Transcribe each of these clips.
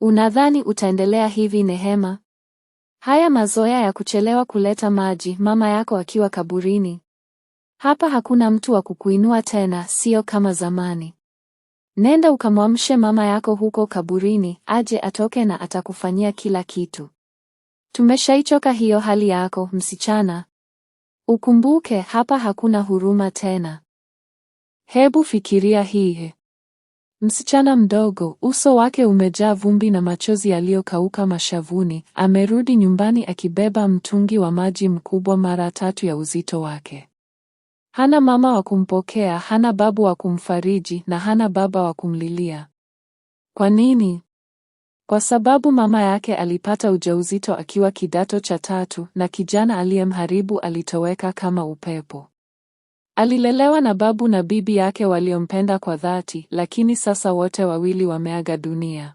Unadhani utaendelea hivi Nehema? Haya mazoea ya kuchelewa kuleta maji, mama yako akiwa kaburini. Hapa hakuna mtu wa kukuinua tena, sio kama zamani. Nenda ukamwamshe mama yako huko kaburini, aje atoke na atakufanyia kila kitu. Tumeshaichoka hiyo hali yako, msichana. Ukumbuke hapa hakuna huruma tena. Hebu fikiria hii. Msichana mdogo, uso wake umejaa vumbi na machozi yaliyokauka mashavuni, amerudi nyumbani akibeba mtungi wa maji mkubwa mara tatu ya uzito wake. Hana mama wa kumpokea, hana babu wa kumfariji na hana baba wa kumlilia. Kwa nini? Kwa sababu mama yake alipata ujauzito akiwa kidato cha tatu na kijana aliyemharibu alitoweka kama upepo. Alilelewa na babu na bibi yake waliompenda kwa dhati, lakini sasa wote wawili wameaga dunia.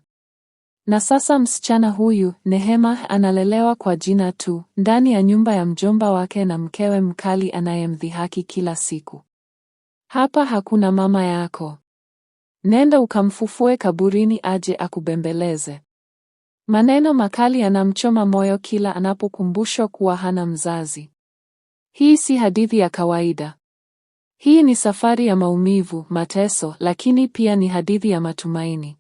Na sasa msichana huyu Nehema analelewa kwa jina tu ndani ya nyumba ya mjomba wake na mkewe mkali anayemdhihaki kila siku. Hapa hakuna mama yako. Nenda ukamfufue kaburini aje akubembeleze. Maneno makali yanamchoma moyo kila anapokumbushwa kuwa hana mzazi. Hii si hadithi ya kawaida. Hii ni safari ya maumivu, mateso, lakini pia ni hadithi ya matumaini.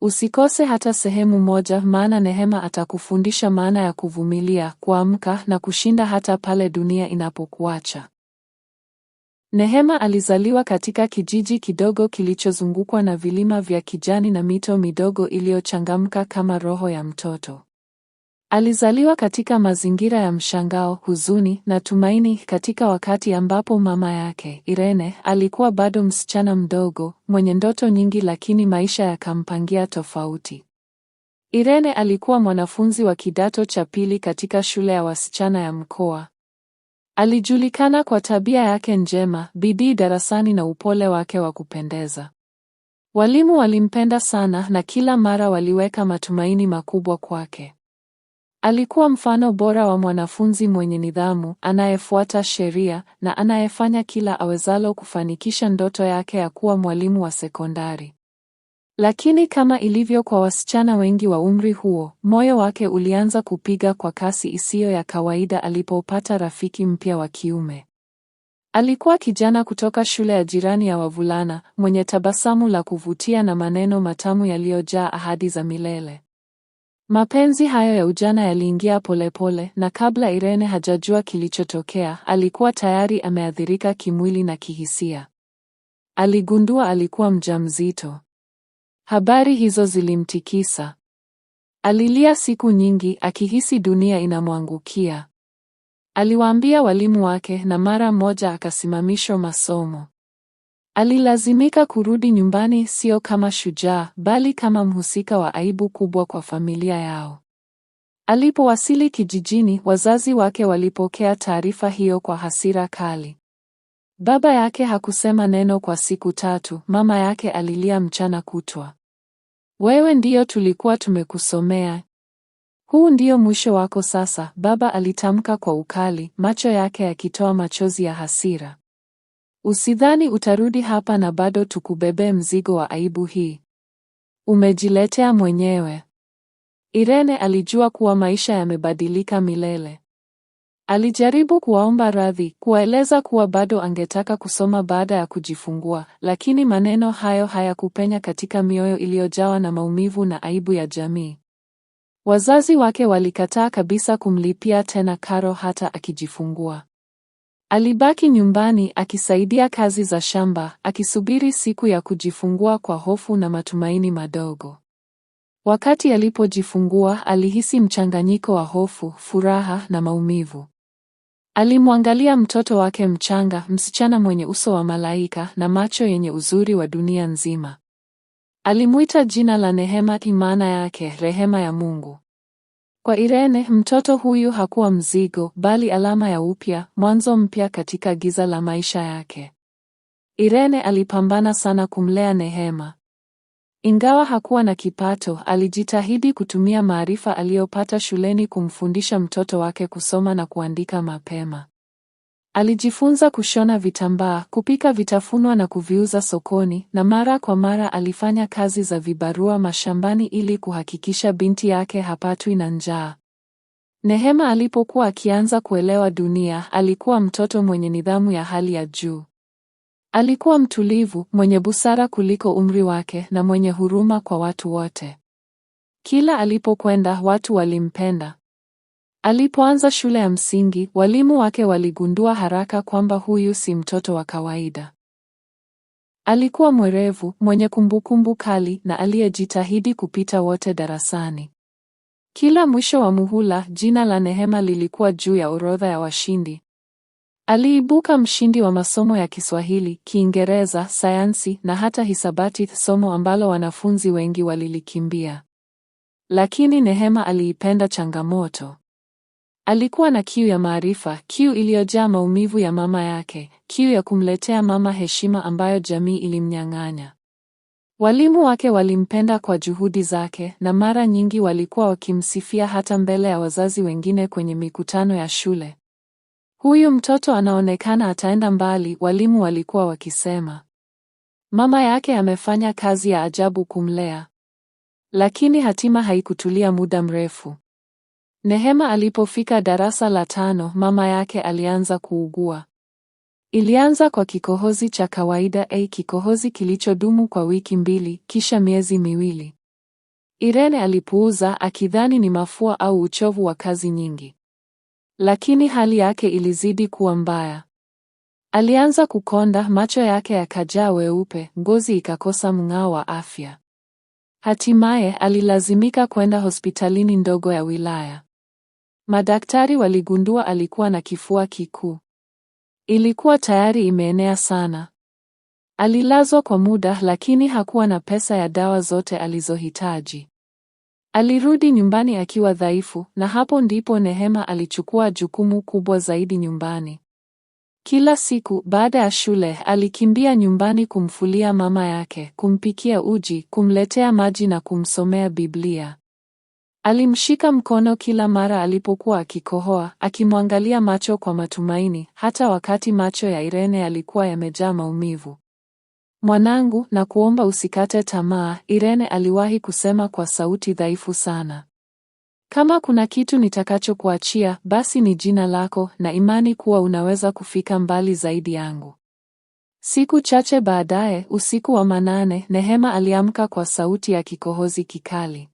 Usikose hata sehemu moja, maana Nehema atakufundisha maana ya kuvumilia, kuamka na kushinda hata pale dunia inapokuacha. Nehema alizaliwa katika kijiji kidogo kilichozungukwa na vilima vya kijani na mito midogo iliyochangamka kama roho ya mtoto. Alizaliwa katika mazingira ya mshangao, huzuni na tumaini katika wakati ambapo mama yake, Irene, alikuwa bado msichana mdogo, mwenye ndoto nyingi lakini maisha yakampangia tofauti. Irene alikuwa mwanafunzi wa kidato cha pili katika shule ya wasichana ya mkoa. Alijulikana kwa tabia yake njema, bidii darasani na upole wake wa kupendeza. Walimu walimpenda sana na kila mara waliweka matumaini makubwa kwake. Alikuwa mfano bora wa mwanafunzi mwenye nidhamu, anayefuata sheria na anayefanya kila awezalo kufanikisha ndoto yake ya kuwa mwalimu wa sekondari. Lakini kama ilivyo kwa wasichana wengi wa umri huo, moyo wake ulianza kupiga kwa kasi isiyo ya kawaida alipopata rafiki mpya wa kiume. Alikuwa kijana kutoka shule ya jirani ya wavulana, mwenye tabasamu la kuvutia na maneno matamu yaliyojaa ahadi za milele. Mapenzi hayo ya ujana yaliingia polepole, na kabla Irene hajajua kilichotokea, alikuwa tayari ameathirika kimwili na kihisia. Aligundua alikuwa mjamzito. Habari hizo zilimtikisa. Alilia siku nyingi akihisi dunia inamwangukia. Aliwaambia walimu wake na mara moja akasimamishwa masomo. Alilazimika kurudi nyumbani, sio kama shujaa, bali kama mhusika wa aibu kubwa kwa familia yao. Alipowasili kijijini, wazazi wake walipokea taarifa hiyo kwa hasira kali. Baba yake hakusema neno kwa siku tatu, mama yake alilia mchana kutwa. Wewe ndiyo tulikuwa tumekusomea. Huu ndiyo mwisho wako sasa, baba alitamka kwa ukali, macho yake yakitoa machozi ya hasira. Usidhani utarudi hapa na bado tukubebe mzigo wa aibu hii. Umejiletea mwenyewe. Irene alijua kuwa maisha yamebadilika milele. Alijaribu kuwaomba radhi, kuwaeleza kuwa bado angetaka kusoma baada ya kujifungua, lakini maneno hayo hayakupenya katika mioyo iliyojawa na maumivu na aibu ya jamii. Wazazi wake walikataa kabisa kumlipia tena karo hata akijifungua. Alibaki nyumbani akisaidia kazi za shamba, akisubiri siku ya kujifungua kwa hofu na matumaini madogo. Wakati alipojifungua, alihisi mchanganyiko wa hofu, furaha na maumivu. Alimwangalia mtoto wake mchanga, msichana mwenye uso wa malaika na macho yenye uzuri wa dunia nzima. Alimwita jina la Nehema, maana yake rehema ya Mungu. Kwa Irene, mtoto huyu hakuwa mzigo, bali alama ya upya, mwanzo mpya katika giza la maisha yake. Irene alipambana sana kumlea Nehema. Ingawa hakuwa na kipato, alijitahidi kutumia maarifa aliyopata shuleni kumfundisha mtoto wake kusoma na kuandika mapema. Alijifunza kushona vitambaa, kupika vitafunwa na kuviuza sokoni, na mara kwa mara alifanya kazi za vibarua mashambani ili kuhakikisha binti yake hapatwi na njaa. Nehema alipokuwa akianza kuelewa dunia, alikuwa mtoto mwenye nidhamu ya hali ya juu. Alikuwa mtulivu, mwenye busara kuliko umri wake na mwenye huruma kwa watu wote. Kila alipokwenda, watu walimpenda. Alipoanza shule ya msingi, walimu wake waligundua haraka kwamba huyu si mtoto wa kawaida. Alikuwa mwerevu, mwenye kumbukumbu kali na aliyejitahidi kupita wote darasani. Kila mwisho wa muhula, jina la Nehema lilikuwa juu ya orodha ya washindi. Aliibuka mshindi wa masomo ya Kiswahili, Kiingereza, sayansi na hata hisabati, somo ambalo wanafunzi wengi walilikimbia. Lakini Nehema aliipenda changamoto. Alikuwa na kiu ya maarifa, kiu iliyojaa maumivu ya mama yake, kiu ya kumletea mama heshima ambayo jamii ilimnyang'anya. Walimu wake walimpenda kwa juhudi zake na mara nyingi walikuwa wakimsifia hata mbele ya wazazi wengine kwenye mikutano ya shule. Huyu mtoto anaonekana ataenda mbali, walimu walikuwa wakisema. Mama yake amefanya kazi ya ajabu kumlea. Lakini hatima haikutulia muda mrefu. Nehema alipofika darasa la tano, mama yake alianza kuugua. Ilianza kwa kikohozi cha kawaida, a kikohozi kilichodumu kwa wiki mbili, kisha miezi miwili. Irene alipuuza akidhani ni mafua au uchovu wa kazi nyingi, lakini hali yake ilizidi kuwa mbaya. Alianza kukonda, macho yake yakajaa weupe, ngozi ikakosa mng'ao wa afya. Hatimaye alilazimika kwenda hospitalini ndogo ya wilaya. Madaktari waligundua alikuwa na kifua kikuu. Ilikuwa tayari imeenea sana. Alilazwa kwa muda lakini hakuwa na pesa ya dawa zote alizohitaji. Alirudi nyumbani akiwa dhaifu na hapo ndipo Nehema alichukua jukumu kubwa zaidi nyumbani. Kila siku baada ya shule alikimbia nyumbani kumfulia mama yake, kumpikia uji, kumletea maji na kumsomea Biblia. Alimshika mkono kila mara alipokuwa akikohoa, akimwangalia macho kwa matumaini, hata wakati macho ya Irene yalikuwa yamejaa maumivu. Mwanangu, na kuomba usikate tamaa, Irene aliwahi kusema kwa sauti dhaifu sana. Kama kuna kitu nitakachokuachia, basi ni jina lako na imani kuwa unaweza kufika mbali zaidi yangu. Siku chache baadaye, usiku wa manane, Nehema aliamka kwa sauti ya kikohozi kikali.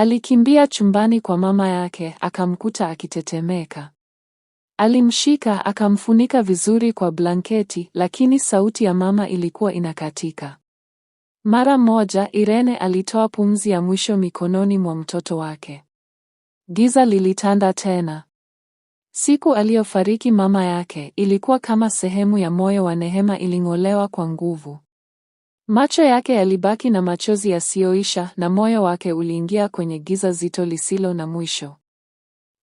Alikimbia chumbani kwa mama yake, akamkuta akitetemeka. Alimshika akamfunika vizuri kwa blanketi, lakini sauti ya mama ilikuwa inakatika. Mara moja Irene alitoa pumzi ya mwisho mikononi mwa mtoto wake. Giza lilitanda tena. Siku aliyofariki mama yake ilikuwa kama sehemu ya moyo wa Nehema iling'olewa kwa nguvu. Macho yake yalibaki na machozi yasiyoisha na moyo wake uliingia kwenye giza zito lisilo na mwisho.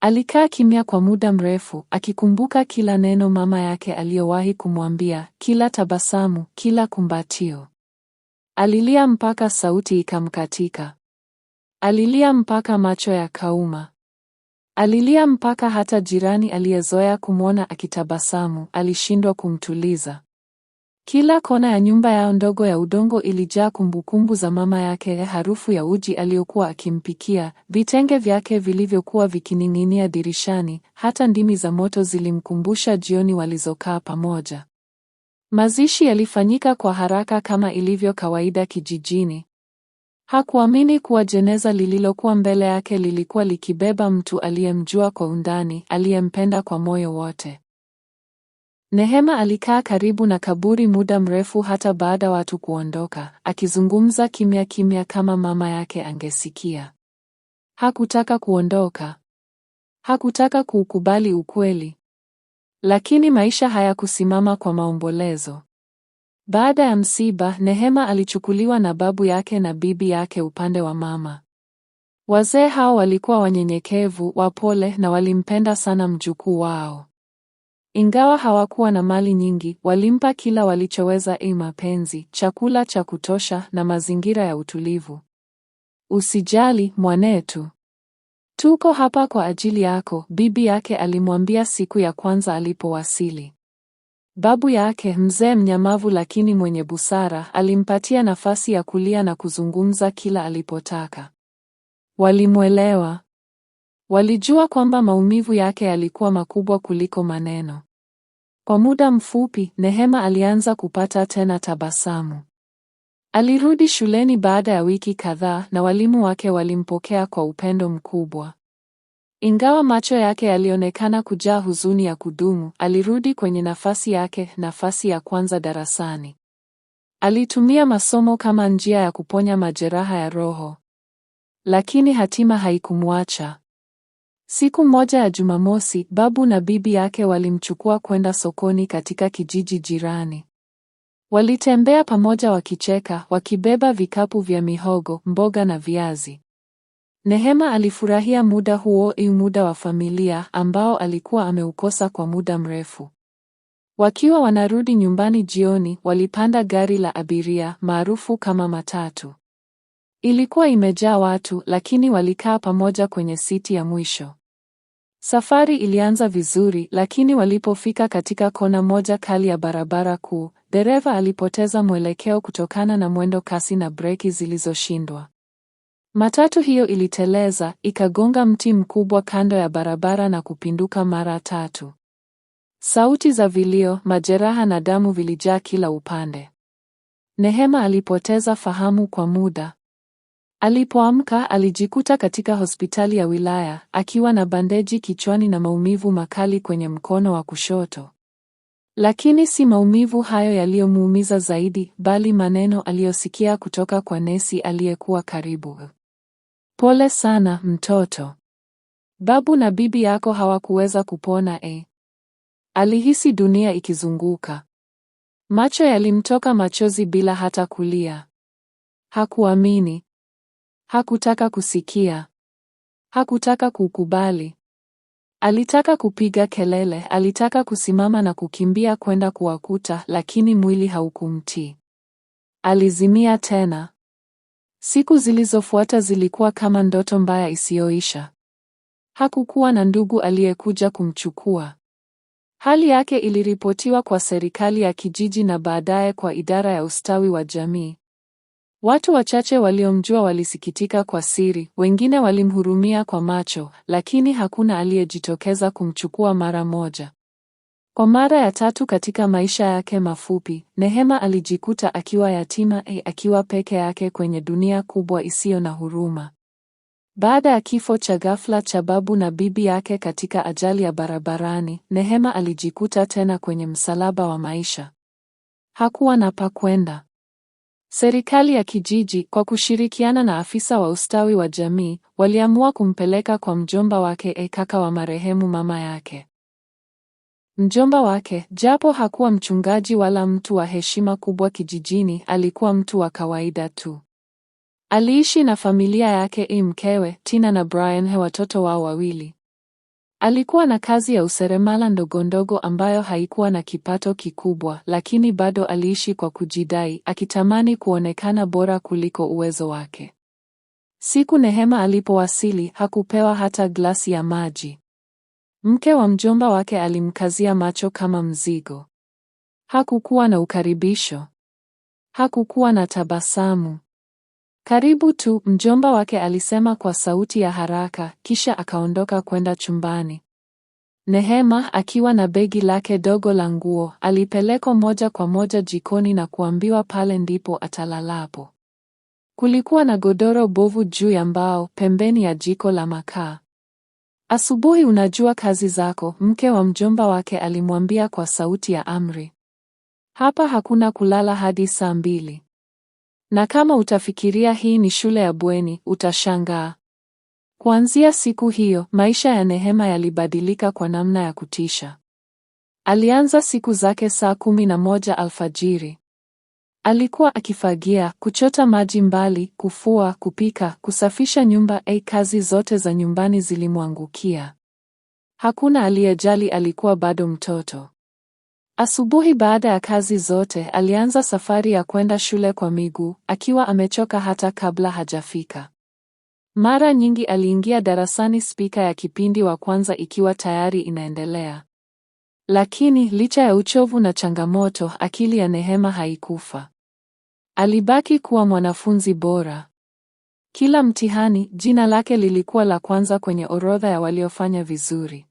Alikaa kimya kwa muda mrefu, akikumbuka kila neno mama yake aliyowahi kumwambia, kila tabasamu, kila kumbatio. Alilia mpaka sauti ikamkatika. Alilia mpaka macho ya kauma. Alilia mpaka hata jirani aliyezoea kumwona akitabasamu alishindwa kumtuliza. Kila kona ya nyumba yao ndogo ya udongo ilijaa kumbukumbu za mama yake, harufu ya uji aliyokuwa akimpikia, vitenge vyake vilivyokuwa vikining'inia dirishani, hata ndimi za moto zilimkumbusha jioni walizokaa pamoja. Mazishi yalifanyika kwa haraka kama ilivyo kawaida kijijini. Hakuamini kuwa jeneza lililokuwa mbele yake lilikuwa likibeba mtu aliyemjua kwa undani, aliyempenda kwa moyo wote. Nehema alikaa karibu na kaburi muda mrefu hata baada watu kuondoka, akizungumza kimya kimya kama mama yake angesikia. Hakutaka kuondoka. Hakutaka kuukubali ukweli. Lakini maisha hayakusimama kwa maombolezo. Baada ya msiba, Nehema alichukuliwa na babu yake na bibi yake upande wa mama. Wazee hao walikuwa wanyenyekevu, wapole na walimpenda sana mjukuu wao. Ingawa hawakuwa na mali nyingi, walimpa kila walichoweza: i mapenzi, chakula cha kutosha na mazingira ya utulivu. Usijali mwanetu, tuko hapa kwa ajili yako, bibi yake alimwambia siku ya kwanza alipowasili. Babu yake, mzee mnyamavu lakini mwenye busara, alimpatia nafasi ya kulia na kuzungumza kila alipotaka. Walimwelewa. Walijua kwamba maumivu yake yalikuwa makubwa kuliko maneno. Kwa muda mfupi, Nehema alianza kupata tena tabasamu. Alirudi shuleni baada ya wiki kadhaa na walimu wake walimpokea kwa upendo mkubwa. Ingawa macho yake yalionekana kujaa huzuni ya kudumu, alirudi kwenye nafasi yake, nafasi ya kwanza darasani. Alitumia masomo kama njia ya kuponya majeraha ya roho. Lakini hatima haikumwacha. Siku moja ya Jumamosi, babu na bibi yake walimchukua kwenda sokoni katika kijiji jirani. Walitembea pamoja wakicheka, wakibeba vikapu vya mihogo, mboga na viazi. Nehema alifurahia muda huo, i muda wa familia ambao alikuwa ameukosa kwa muda mrefu. Wakiwa wanarudi nyumbani jioni, walipanda gari la abiria maarufu kama matatu. Ilikuwa imejaa watu, lakini walikaa pamoja kwenye siti ya mwisho. Safari ilianza vizuri, lakini walipofika katika kona moja kali ya barabara kuu, dereva alipoteza mwelekeo kutokana na mwendo kasi na breki zilizoshindwa. Matatu hiyo iliteleza, ikagonga mti mkubwa kando ya barabara na kupinduka mara tatu. Sauti za vilio, majeraha na damu vilijaa kila upande. Nehema alipoteza fahamu kwa muda. Alipoamka alijikuta katika hospitali ya wilaya akiwa na bandeji kichwani na maumivu makali kwenye mkono wa kushoto. Lakini si maumivu hayo yaliyomuumiza zaidi, bali maneno aliyosikia kutoka kwa nesi aliyekuwa karibu. Pole sana mtoto. Babu na bibi yako hawakuweza kupona eh. Alihisi dunia ikizunguka. Macho yalimtoka machozi bila hata kulia. Hakuamini. Hakutaka kusikia, hakutaka kukubali. Alitaka kupiga kelele, alitaka kusimama na kukimbia kwenda kuwakuta, lakini mwili haukumtii. Alizimia tena. Siku zilizofuata zilikuwa kama ndoto mbaya isiyoisha. Hakukuwa na ndugu aliyekuja kumchukua. Hali yake iliripotiwa kwa serikali ya kijiji na baadaye kwa idara ya ustawi wa jamii. Watu wachache waliomjua walisikitika kwa siri, wengine walimhurumia kwa macho, lakini hakuna aliyejitokeza kumchukua mara moja. Kwa mara ya tatu katika maisha yake mafupi, Nehema alijikuta akiwa yatima, e, akiwa peke yake kwenye dunia kubwa isiyo na huruma. Baada ya kifo cha ghafla cha babu na bibi yake katika ajali ya barabarani, Nehema alijikuta tena kwenye msalaba wa maisha. Hakuwa na pa kwenda. Serikali ya kijiji kwa kushirikiana na afisa wa ustawi wa jamii waliamua kumpeleka kwa mjomba wake e, kaka wa marehemu mama yake. Mjomba wake, japo hakuwa mchungaji wala mtu wa heshima kubwa kijijini, alikuwa mtu wa kawaida tu. Aliishi na familia yake e, mkewe Tina na Brian, he watoto wao wawili. Alikuwa na kazi ya useremala ndogondogo ambayo haikuwa na kipato kikubwa, lakini bado aliishi kwa kujidai, akitamani kuonekana bora kuliko uwezo wake. Siku Nehema alipowasili, hakupewa hata glasi ya maji. Mke wa mjomba wake alimkazia macho kama mzigo. Hakukuwa na ukaribisho. Hakukuwa na tabasamu. Karibu tu, mjomba wake alisema kwa sauti ya haraka, kisha akaondoka kwenda chumbani. Nehema akiwa na begi lake dogo la nguo, alipelekwa moja kwa moja jikoni na kuambiwa pale ndipo atalalapo. Kulikuwa na godoro bovu juu ya mbao pembeni ya jiko la makaa. Asubuhi unajua kazi zako, mke wa mjomba wake alimwambia kwa sauti ya amri. Hapa hakuna kulala hadi saa mbili na kama utafikiria hii ni shule ya bweni, utashangaa. Kuanzia siku hiyo, maisha ya Nehema yalibadilika kwa namna ya kutisha. Alianza siku zake saa kumi na moja alfajiri. Alikuwa akifagia, kuchota maji mbali, kufua, kupika, kusafisha nyumba, ei, eh, kazi zote za nyumbani zilimwangukia. Hakuna aliyejali, alikuwa bado mtoto. Asubuhi baada ya kazi zote, alianza safari ya kwenda shule kwa miguu, akiwa amechoka hata kabla hajafika. Mara nyingi aliingia darasani spika ya kipindi wa kwanza ikiwa tayari inaendelea. Lakini licha ya uchovu na changamoto, akili ya Nehema haikufa. Alibaki kuwa mwanafunzi bora. Kila mtihani, jina lake lilikuwa la kwanza kwenye orodha ya waliofanya vizuri.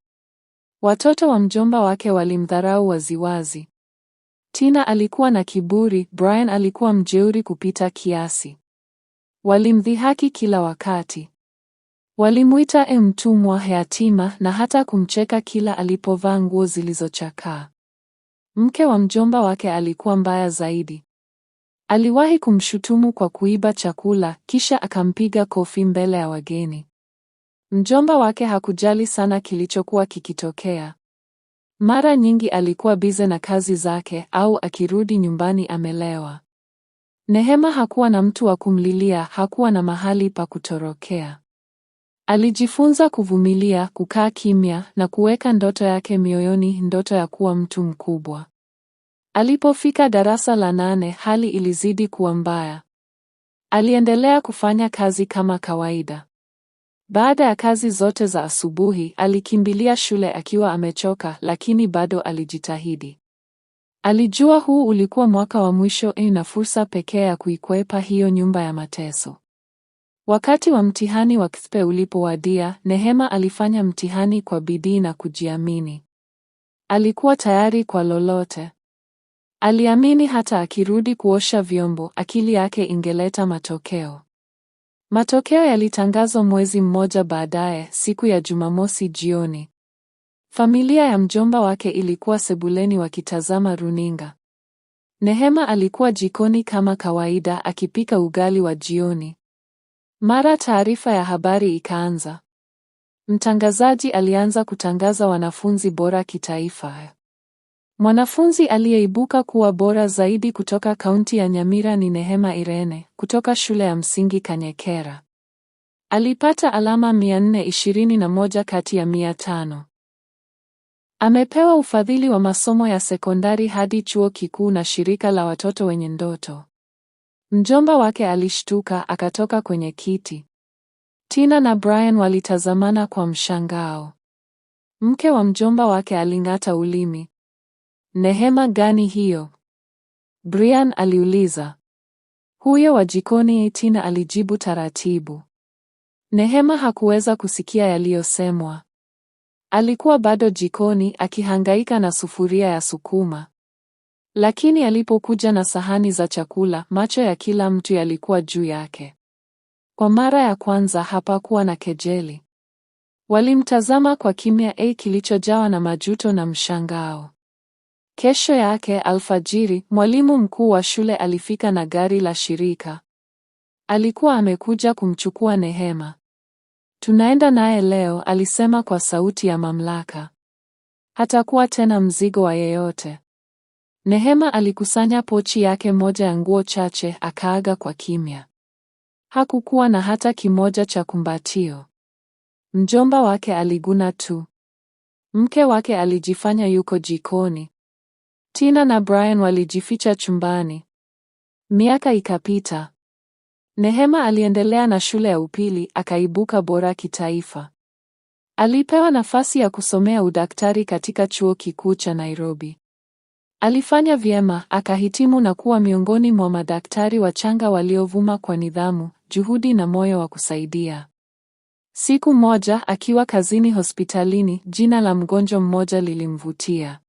Watoto wa mjomba wake walimdharau waziwazi. Tina alikuwa na kiburi, Brian alikuwa mjeuri kupita kiasi. Walimdhihaki kila wakati. Walimuita e, mtumwa, yatima na hata kumcheka kila alipovaa nguo zilizochakaa. Mke wa mjomba wake alikuwa mbaya zaidi. Aliwahi kumshutumu kwa kuiba chakula kisha akampiga kofi mbele ya wageni. Mjomba wake hakujali sana kilichokuwa kikitokea. Mara nyingi alikuwa bize na kazi zake au akirudi nyumbani amelewa. Nehema hakuwa na mtu wa kumlilia, hakuwa na mahali pa kutorokea. Alijifunza kuvumilia, kukaa kimya na kuweka ndoto yake mioyoni, ndoto ya kuwa mtu mkubwa. Alipofika darasa la nane, hali ilizidi kuwa mbaya. Aliendelea kufanya kazi kama kawaida. Baada ya kazi zote za asubuhi, alikimbilia shule akiwa amechoka, lakini bado alijitahidi. Alijua huu ulikuwa mwaka wa mwisho eh, na fursa pekee ya kuikwepa hiyo nyumba ya mateso. Wakati wa mtihani wa KCPE ulipowadia, Nehema alifanya mtihani kwa bidii na kujiamini. Alikuwa tayari kwa lolote. Aliamini hata akirudi kuosha vyombo, akili yake ingeleta matokeo. Matokeo yalitangazwa mwezi mmoja baadaye, siku ya Jumamosi jioni. Familia ya mjomba wake ilikuwa sebuleni wakitazama runinga. Nehema alikuwa jikoni kama kawaida akipika ugali wa jioni. Mara taarifa ya habari ikaanza. Mtangazaji alianza kutangaza wanafunzi bora kitaifa. Mwanafunzi aliyeibuka kuwa bora zaidi kutoka kaunti ya Nyamira ni Nehema Irene kutoka shule ya msingi Kanyekera. Alipata alama 421 kati ya 500. Amepewa ufadhili wa masomo ya sekondari hadi chuo kikuu na shirika la watoto wenye ndoto. Mjomba wake alishtuka akatoka kwenye kiti. Tina na Brian walitazamana kwa mshangao. Mke wa mjomba wake aling'ata ulimi. Nehema gani hiyo? Brian aliuliza. Huyo wa jikoni, Tina alijibu taratibu. Nehema hakuweza kusikia yaliyosemwa. Alikuwa bado jikoni akihangaika na sufuria ya sukuma. Lakini alipokuja na sahani za chakula, macho ya kila mtu yalikuwa juu yake. Kwa mara ya kwanza hapakuwa na kejeli. Walimtazama kwa kimya, a eh, kilichojawa na majuto na mshangao. Kesho yake alfajiri, mwalimu mkuu wa shule alifika na gari la shirika. Alikuwa amekuja kumchukua Nehema. Tunaenda naye leo, alisema kwa sauti ya mamlaka. Hatakuwa tena mzigo wa yeyote. Nehema alikusanya pochi yake moja ya nguo chache, akaaga kwa kimya. Hakukuwa na hata kimoja cha kumbatio. Mjomba wake aliguna tu. Mke wake alijifanya yuko jikoni. Tina na Brian walijificha chumbani. Miaka ikapita. Nehema aliendelea na shule ya upili akaibuka bora kitaifa. Alipewa nafasi ya kusomea udaktari katika chuo kikuu cha Nairobi. Alifanya vyema, akahitimu na kuwa miongoni mwa madaktari wachanga waliovuma kwa nidhamu, juhudi na moyo wa kusaidia. Siku moja akiwa kazini hospitalini, jina la mgonjwa mmoja lilimvutia.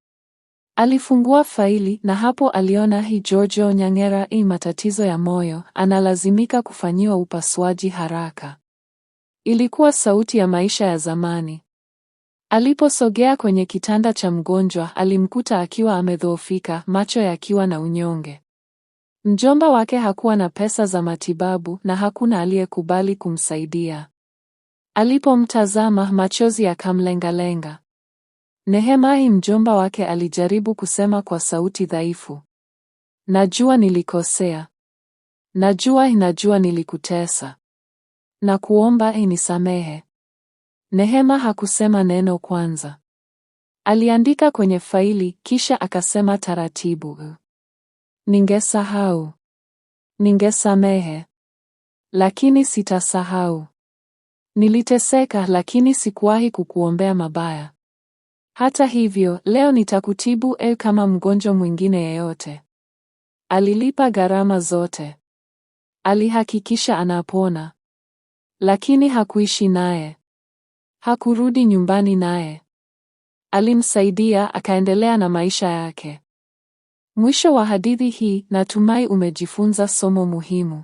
Alifungua faili na hapo aliona hi Georgio Nyang'era i matatizo ya moyo, analazimika kufanyiwa upasuaji haraka. Ilikuwa sauti ya maisha ya zamani. Aliposogea kwenye kitanda cha mgonjwa, alimkuta akiwa amedhoofika, macho yakiwa na unyonge. Mjomba wake hakuwa na pesa za matibabu na hakuna aliyekubali kumsaidia. Alipomtazama, machozi yakamlengalenga. Nehemai mjomba wake alijaribu kusema kwa sauti dhaifu, najua nilikosea, najua inajua nilikutesa, na kuomba inisamehe. Nehema hakusema neno kwanza. Aliandika kwenye faili, kisha akasema taratibu, ningesahau, ningesamehe, lakini sitasahau. Niliteseka, lakini sikuwahi kukuombea mabaya. Hata hivyo, leo nitakutibu e kama mgonjwa mwingine yeyote. Alilipa gharama zote. Alihakikisha anapona. Lakini hakuishi naye. Hakurudi nyumbani naye. Alimsaidia akaendelea na maisha yake. Mwisho wa hadithi hii, natumai umejifunza somo muhimu.